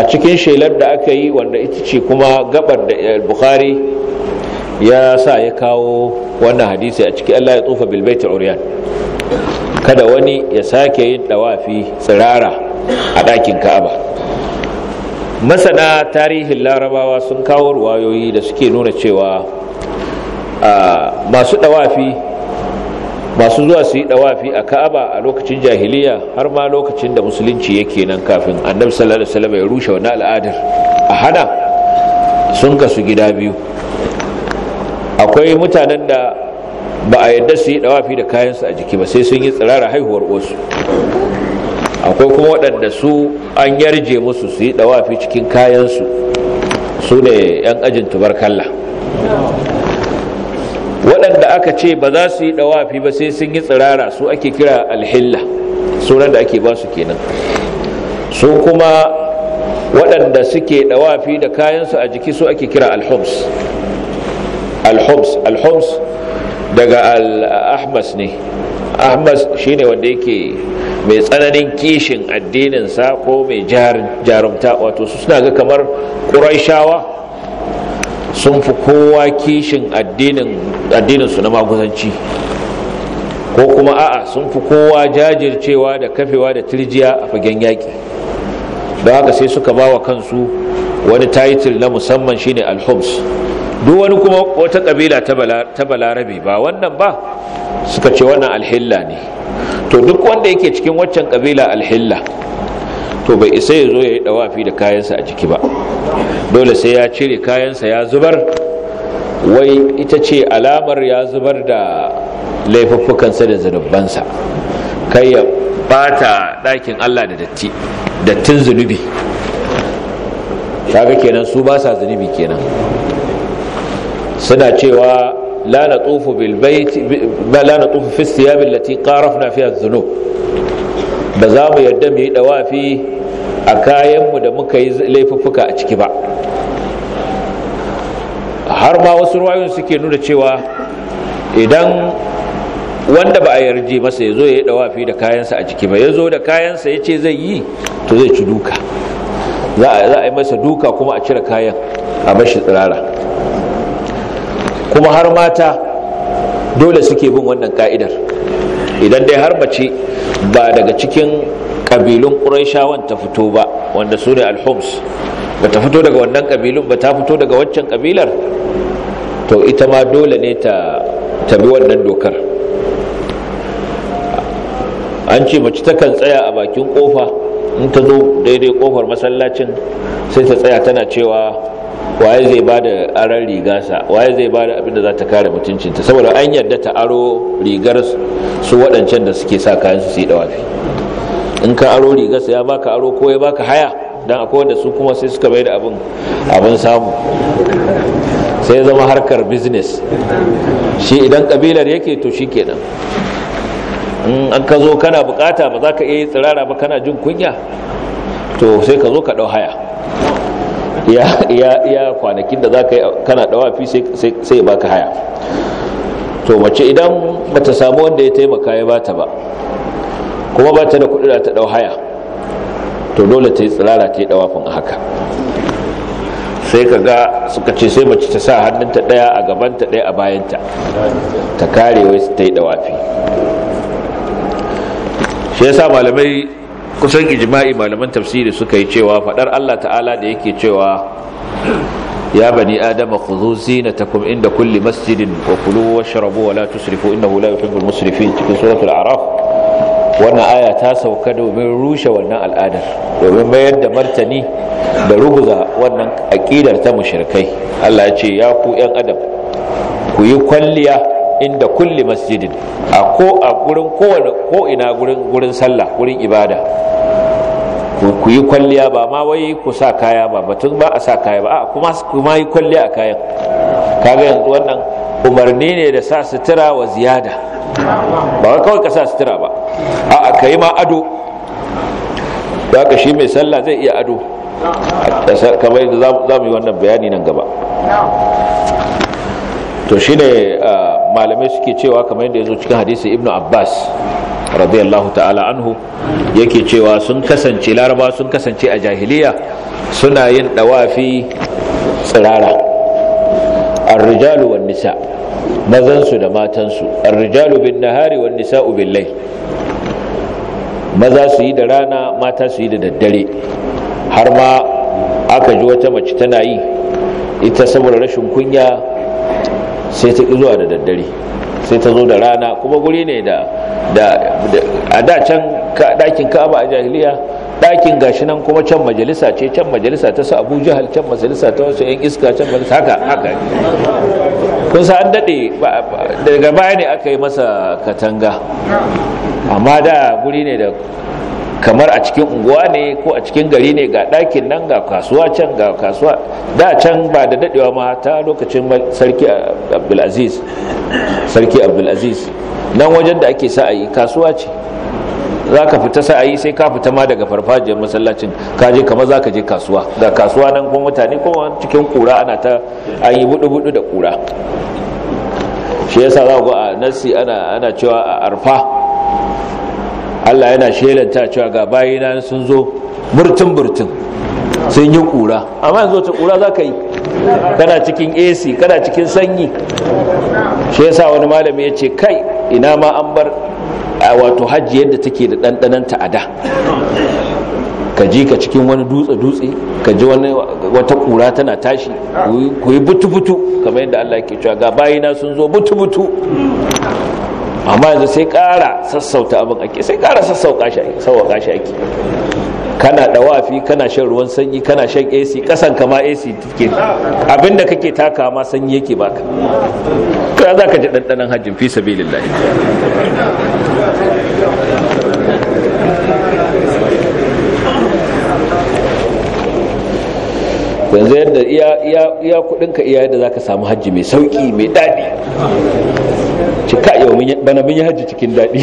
a cikin shelar da aka yi wanda ita ce kuma gabar da bukhari ya sa ya kawo wannan hadisi a ciki Allah ya tsufa bilbaiti uriyan kada wani ya sake yin dawafi tsirara a ɗakin ka'aba masana tarihin larabawa sun kawo ruwayoyi da suke nuna cewa masu dawafi masu zuwa su yi dawafi a ka'aba a lokacin jahiliya har ma lokacin da musulunci yake nan kafin annabi sallallahu alaihi wasallam ya rushe wani al'adar a hana sun kasu gida biyu akwai mutanen da ba a yadda su yi dawafi da kayansu a jiki ba sai sun yi tsirara haihuwar wasu akwai kuma waɗanda su an yarje musu su yi ɗawafi cikin kayansu su ne 'yan ajin tubarkalla waɗanda aka ce ba za su yi ɗawafi ba sai sun yi tsirara su ake kira alhilla sunan da ake ba su kenan su kuma waɗanda suke ɗawafi da kayansu a jiki su ake kira alhoms alhoms alhoms daga al-ahmas ne ahmas shine wanda yake mai tsananin kishin addininsa ko mai jarumta wato su suna ga kamar ƙuraishawa sun fi kowa kishin addininsu na maguzanci ko kuma a'a sun fi kowa jajircewa da kafewa da turjiya a fagen yaƙi don haka sai suka ba wa kansu wani taitil na musamman shine alhums duk wani kuma wata ƙabila ta balarabe ba wannan ba suka ce wannan alhilla ne to duk wanda yake cikin waccan kabila alhilla to bai isa ya zo ya yi dawafi da kayansa a jiki ba dole sai ya cire kayansa ya zubar wai ita ce alamar ya zubar da laifuffukansa da zunubansa kai ya bata ɗakin Allah da datti dattin zunubi kaga kenan su ba sa zunubi kenan suna cewa Lana natufu bil bait la natufu fi thiyab ba za mu yadda mu yi dawafi a kayanmu da muka yi laifuffuka a ciki ba har ma wasu ruwayoyin suke nuna cewa idan wanda ba a yarje masa ya zo ya yi dawafi da kayansa a ciki ba ya zo da kayansa ya ce zai yi to zai ci duka za a yi masa duka kuma a cire kayan a bashi tsirara kuma har mata dole suke bin wannan ka'idar idan dai har mace ba daga cikin ƙabilun ƙuraishawan ta fito ba wanda su ne alhums ba ta fito daga wannan ƙabilun ba ta fito daga waccan ƙabilar to ita ma dole ne ta bi wannan dokar an ce mace takan tsaya a bakin ƙofa in ta zo daidai ƙofar masallacin sai ta tsaya tana cewa waye zai ba da aran rigarsa waye zai ba da abin da za ta kare mutuncinta saboda an yarda ta aro rigar su waɗancan da suke sa kayan su su yi dawafi in ka aro rigarsa ya baka aro ko ya baka haya dan akwai wanda su kuma sai suka bai da abin abin samu sai zama harkar business shi idan kabilar yake to shi kenan in an ka zo kana bukata ba za ka iya tsirara ba kana jin kunya to sai ka zo ka ɗau haya ya kwanakin da za ka yi kana dawafi sai ba baka haya to mace idan bata samu wanda ya taimaka ya bata ba kuma bata da kudura da ta dau haya to dole ta yi tsirara ta yi dawafin haka sai ka ga suka ce sai mace ta sa hannunta ɗaya a gabanta daya a bayanta ta kare wai su ta yi dawafi shi sa malamai kusan ijma'i malaman tafsiri suka yi cewa fadar Allah ta'ala da yake cewa ya bani adama khudhu zinatakum inda kulli masjidin wa kulu washrabu wa la tusrifu innahu la yuhibbul musrifin cikin suratul a'raf wannan aya ta sauka domin rushe wannan al'adar domin mayar da martani da ruguza wannan aqidar ta mushrikai Allah ya ce ya ku yan adam ku yi kwalliya inda kulli masjidin a ko a gurin kowane ko ina gurin gurin sallah gurin ibada ku yi kwalliya ba ma wai ku sa kaya ba batun ba a sa kaya ba a kuma kuma yi kwalliya a kayan kaga yanzu wannan umarni ne da sa sutura wa ziyada ba kawai ka sa sutura ba a ka yi ma ado da ka shi mai sallah zai iya ado kamar yadda za mu yi wannan bayani nan gaba to shi ne malamai suke cewa kamar yadda ya zo cikin hadisi ibnu abbas radiyallahu ta'ala anhu yake cewa sun kasance laraba sun kasance a jahiliya suna yin dawafi tsirara arrijalu wan nisa mazansu da matansu arrijalu bin nahari wan nisa'u bil maza su yi da rana mata su yi da daddare har ma aka ji wata mace tana yi ita saboda rashin kunya sai ta zuwa da daddare sai ta zo da rana kuma guri ne da a da can ɗakin ka'aba a jahiliya ɗakin gashi nan kuma can majalisa ce can majalisa ta su abu jihar can majalisa ta wasu yan iska can majalisa haka haka kun sa an daɗe daga baya ne aka yi masa katanga amma da guri ne da kamar a cikin unguwa ne ko a cikin gari ne ga ɗakin nan ga kasuwa can ga kasuwa da can ba da daɗewa ma ta lokacin sarki abdulaziz nan wajen da ake sa'ayi kasuwa ce za ka fita sa'ayi sai ka fita ma daga farfajiyar masallacin ka je kamar za ka je kasuwa ga kasuwa nan kuma mutane kuma cikin kura ana ta an yi budu-budu da kura shi yasa za ku a nasi ana cewa a arfa Allah yana shelanta cewa ga bayina sun zo burtun burtun sun yi kura amma yanzu ta kura za ka yi kana cikin ac kana cikin sanyi shi yasa wani malami ya ce kai ina ma an bar wato hajji yadda take da ta a da ka ji ka cikin wani dutse-dutse ka ji wata kura tana tashi ku yi butu-butu kamar yadda Allah ke cewa ga bayina sun zo butu-butu amma yanzu sai ƙara sassauta abin ake sai ƙara sassauka shi ake kana dawafi kana shan ruwan sanyi kana shan AC kasan kama AC take abinda kake taka ma sanyi yake baka kai za ka ji dandanan hajjin fi sabilillah yanzu yadda iya kudinka iya yadda ka samu hajji mai sauki mai daɗi. cika yau bana mun yi hajji cikin daɗi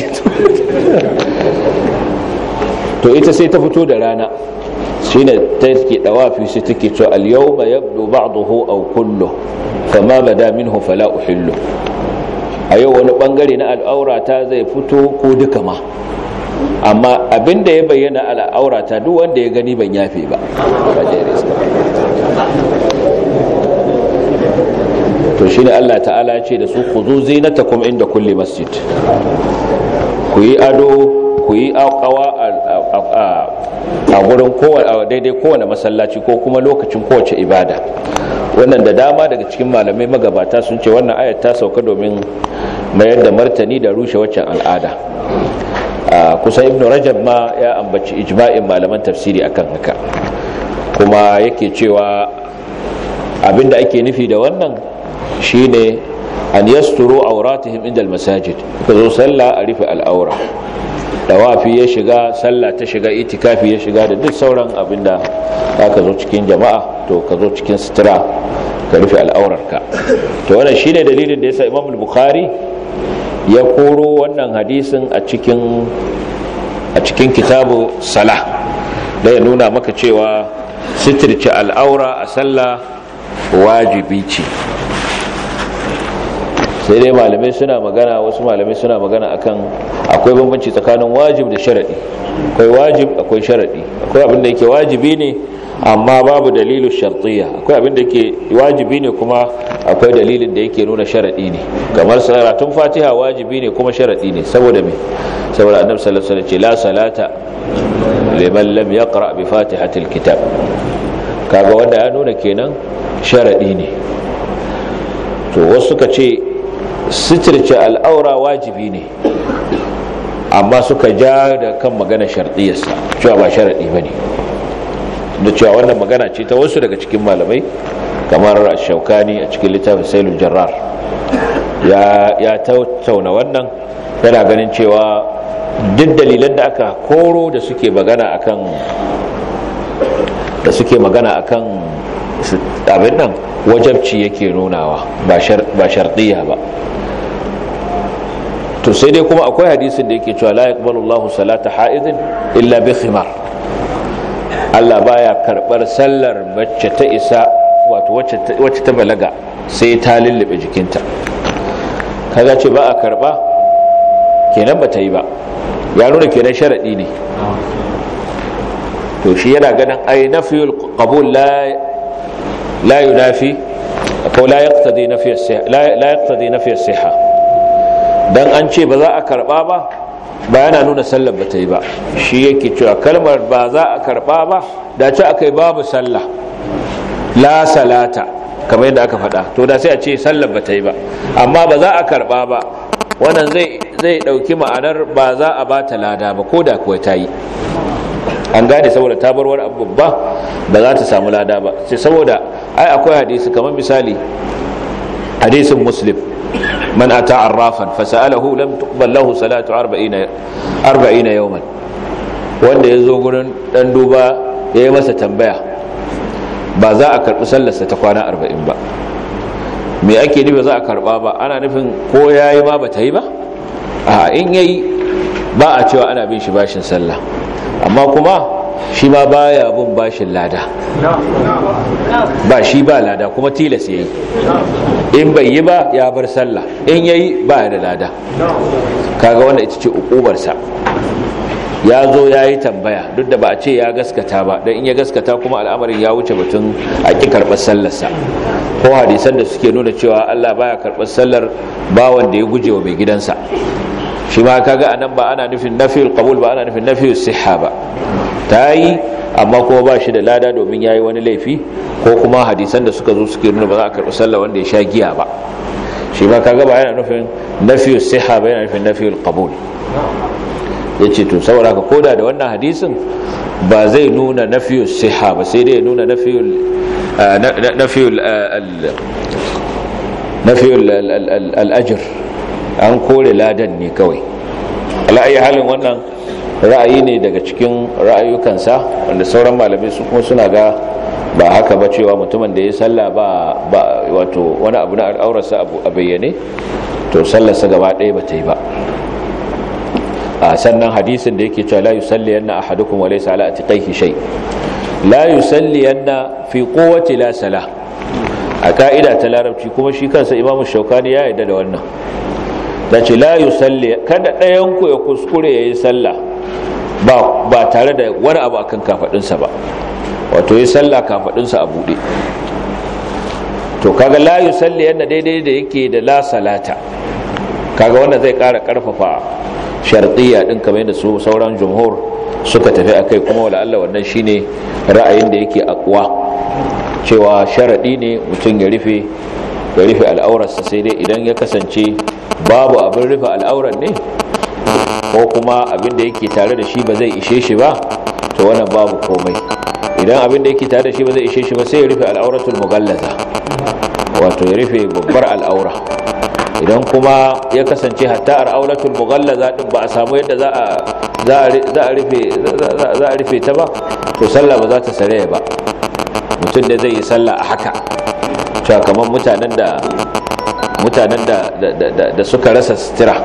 *laughs* to ita sai ta fito da rana shine ta ke dawafi sai take cewa al-yawma yabdu ba'dahu aw kullu kama bada minhu fala uhillu a yau wani ɓangare na al'aurata zai fito ko duka ma amma abinda ya bayyana al'aurata duk wanda ya gani ban yafe ba to shi ne Allah ta'ala ya ce da su ku zo zinatakum inda kulli masjid ku yi ado ku yi akawa a gurin daidai kowane masallaci ko kuma lokacin kowace ibada wannan da dama daga cikin malamai magabata sun ce wannan ayat ta sauka domin mayar da martani da rushe waccan al'ada kusan ibn rajab ma ya ambaci ijma'in malaman tafsiri akan haka kuma yake cewa abinda ake nufi da wannan shine an yasturu auratihim inda almasajid ka zo sallah a rufe al'aura dawafi ya shiga sallah ta shiga itikafi ya shiga da duk sauran abinda ka zo cikin jama'a to ka zo cikin sutura ka rufe al'aurarka to wannan shine dalilin da yasa Imam al-Bukhari ya koro wannan hadisin a cikin a cikin kitabu salah da ya nuna maka cewa sitirce al'aura a sallah wajibi ce sai dai malamai suna magana wasu malamai suna magana akan akwai bambanci tsakanin wajib da sharadi akwai wajib akwai sharadi akwai abin da yake wajibi ne amma babu dalilu shartiyya akwai abin da yake wajibi ne kuma akwai dalilin da yake nuna sharadi ne kamar salatun fatiha wajibi ne kuma sharadi ne saboda me saboda annabi sallallahu alaihi wasallam ce la salata liman lam yaqra bi fatihatil kitab kaga wanda ya nuna kenan sharadi ne to wasu suka ce sitirce al'aura wajibi ne amma suka ja da kan magana sharɗiyarsa cewa ba sharaɗi ba ne da cewa wannan magana ce ta wasu daga cikin malamai kamar a shaukani a cikin littafin sai jarrar ya tattauna wannan yana ganin cewa duk dalilan da aka koro da suke magana akan da suke magana akan abin nan wajabci yake nunawa ba shartiya ba to sai dai kuma akwai hadisin da yake cewa la yaqbalu Allahu salata ha'idin illa bi khimar Allah baya karbar sallar mace ta isa wato wacce ta balaga sai ta lullube jikinta kaga ce ba a karba kenan bata yi ba ya nuna kenan sharaɗi ne to shi yana ganin ai nafiyul qabul la la yunafi ko la yaqtadi nafi la yaqtadi an ce ba za a karba ba ba yana nuna sallar ba ta yi ba shi yake cewa kalmar ba za a karba ba da ce akai babu sallah la salata kamar yadda aka faɗa to da sai a ce sallar ba ta yi ba amma ba za a karba ba wannan zai ɗauki ma'anar ba za a ba ta lada ba ko da kuwa tayi. an gade saboda ta bar wani abu babba ba za ta samu lada ba sai saboda ai akwai hadisi kamar misali hadisin muslim man ata arrafan fasa'alahu lam tuqbal lahu salatu 40 40 yawman wanda ya zo gurin dan duba ya yi masa tambaya ba za a karbi sallarsa ta kwana arba'in ba me ake nufi za a karɓa ba ana nufin ko ya yi ma bata yi ba a in yayi ba a cewa ana bin shi bashin sallah amma kuma shi ma baya bin bashin lada ba shi ba lada kuma tilas yi in bai yi ba ya bar sallah in ya yi ba da lada kaga wanda ita ce ukubarsa ya zo ya yi tambaya duk da ba a ce ya gaskata ba don in ya gaskata kuma al'amarin ya wuce batun a ƙi karɓar sallarsa ko hadisan da suke nuna cewa allah baya karɓar sallar bawan da ya guje wa mai gidansa shi ma kaga nan ba ana nufin nafiyul qabul ba ana nufin nafiyul siha ba tayi amma kuma ba shi da lada domin ya yi wani laifi ko kuma hadisan da suka zo suke nuna ba za a karɓi sallah wanda ya sha giya ba shi ma kaga ba yana nufin nafiyul sihha ba yana nufin nafiyul qabul yace to saboda ka koda da wannan hadisin ba zai nuna nafiyul sihha ba sai dai ya nuna nafiyul eh, eh, nafiyul an kore ladan ne kawai ala'ayi halin wannan ra'ayi ne daga cikin ra'ayukansa wanda sauran malamai su kuma suna ga ba haka ba cewa mutumin da ya salla ba wato wani abu na al'aurarsa a bayyane to sallarsa gaba ɗaya ba ta yi ba a sannan hadisin da yake cewa la yusalli yanna ahadukum walai laysa ala atiqihi shay Layu salli yanna fi kowace la a ka'ida ta larabci kuma shi kansa imamu shaukani ya yarda da wannan ta ce la yusalli kada ɗayanku ya kuskure yayi sallah ba ba tare da wani abu akan kafaɗinsa ba wato yi sallah kafaɗinsa a buɗe to kaga la yusalli yana daidai da yake da la salata kaga wanda zai ƙara ƙarfafa sharɗiya ɗin kamar yadda su sauran jumhur suka tafi a kai kuma wala Allah wannan shine ra'ayin da yake akwa cewa sharaɗi ne mutum ya rufe ya rufe al'aurarsa sai dai idan ya kasance babu abin rufe al'aurar ne ko kuma abin da yake tare da shi ba zai ishe shi ba to wannan babu komai idan abin da yake tare da shi ba zai ishe shi ba sai ya rufe al'auratul mughallaza wato ya rufe babbar al'aura idan kuma ya kasance hatta al'auratul mughallaza din ba a samu yadda za a za a rufe za a rufe ta ba to sallah ba za ta sare ba mutum da zai yi sallah a haka cewa kamar mutanen da mutanen da da suka rasa sitira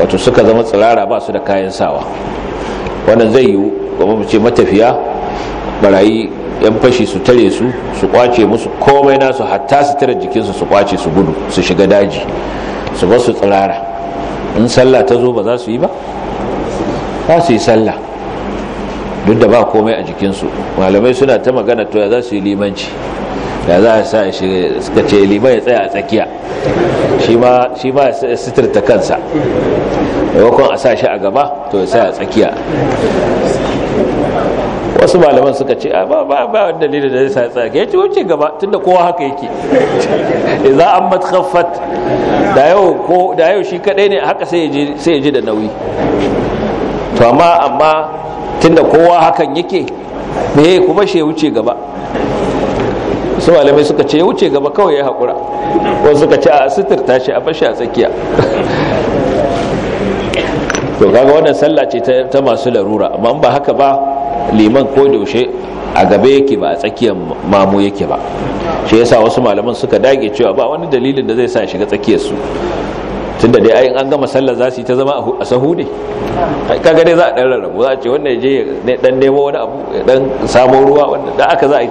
wato suka zama tsirara ba su da kayan sawa wannan zai yiwu kuma mu ce matafiya barayi yan fashi su tare su su kwace musu komai nasu hatta sitirar jikinsu su kwace su gudu su shiga daji su ba su tsirara in sallah ta zo ba za su yi ba ba su yi sallah duk da ba komai a jikinsu malamai suna ta magana to ya za su yi limanci da za a sa shi suka ce liman ya tsaya a tsakiya shi ma ya sitirta kansa maimakon a sa shi a gaba to ya tsaya a tsakiya wasu malaman suka ce ba ba ba wani dalilin da zai sa tsaka ya ci wuce gaba tunda kowa haka yake *laughs* za an matkaffat da yau da yau shi kadai ne haka sai ya ji da nauyi to amma amma tunda kowa hakan yake me kuma shi ya wuce gaba su malamai suka ce ya wuce gaba kawai ya haƙura wasu suka ce a sitirta shi a fashi a tsakiya to kaga wannan sallah ce ta masu larura amma ba haka ba liman ko daushe a gaba yake ba a tsakiyar mamu yake ba shi yasa wasu malaman suka dage cewa ba wani dalilin da zai sa shiga tsakiyarsu? tunda dai ayin an gama sallar za su yi ta zama a sahu ne kaga dai za a ɗan rarrabu za a ce wannan ya je ɗan nemo wani abu dan ɗan samun ruwa wanda da aka za a yi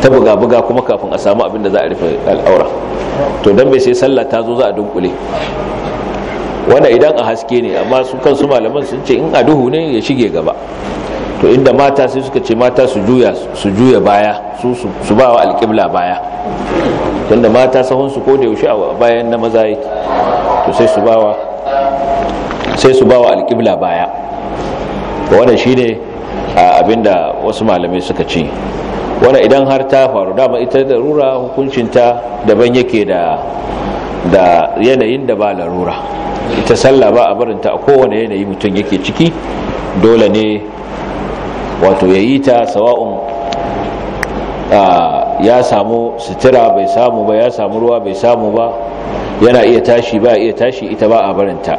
ta buga-buga kuma kafin a samu abin da za a rufe al'aura to don bai sai sallah ta zo za a dunkule wanda idan a haske ne amma su su malaman sun ce in a duhu ne ya shige gaba to inda mata sai suka ce mata su juya su juya baya su su ba wa alƙibla baya tunda mata sahun ko da yaushe a bayan na maza yake to sai su bawa sai su bawa alƙibla baya wannan shine abinda wasu malamai suka ce wannan idan har ta faru dama ita da rura hukuncinta daban yake da da yanayin da ba larura ita sallah ba a barinta a kowane yanayi mutum yake ciki dole ne wato yayi ta sawa'un ya samu sutura bai samu ba ya samu ruwa bai samu ba yana iya tashi ba iya tashi ita ba a barinta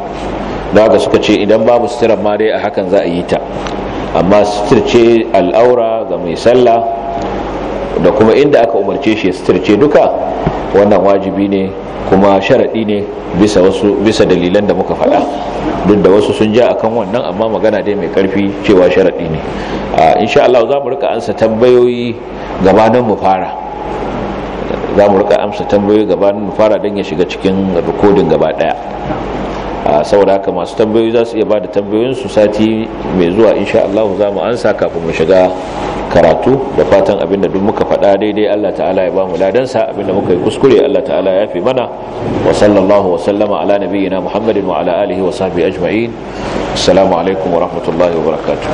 da ga suka ce idan babu sutura ma dai a hakan za a yi ta amma ce al'aura ga mai sallah da kuma inda aka umarce shi ya sitirce duka wannan wajibi ne kuma sharaɗi ne bisa wasu bisa dalilan da muka faɗa duk da wasu sun ja akan wannan amma magana dai mai ƙarfi cewa sharaɗi ne insha Allah za mu rika amsa tambayoyi gabanin mu fara za mu rika amsa tambayoyi gabanin mu fara don ya shiga cikin rikodin gaba ɗaya saboda haka masu tambayoyi za su iya ba da tambayoyin su sati mai zuwa insha Allah za mu ansa kafin mu shiga karatu da fatan abinda duk muka faɗa daidai Allah ta'ala ya ba mu ladansa abinda muka yi kuskure Allah ta'ala ya fi mana wa sallallahu wa sallama ala nabiyyina Muhammadin wa ala alihi wa sahbihi ajma'in assalamu alaikum wa rahmatullahi wa barakatuh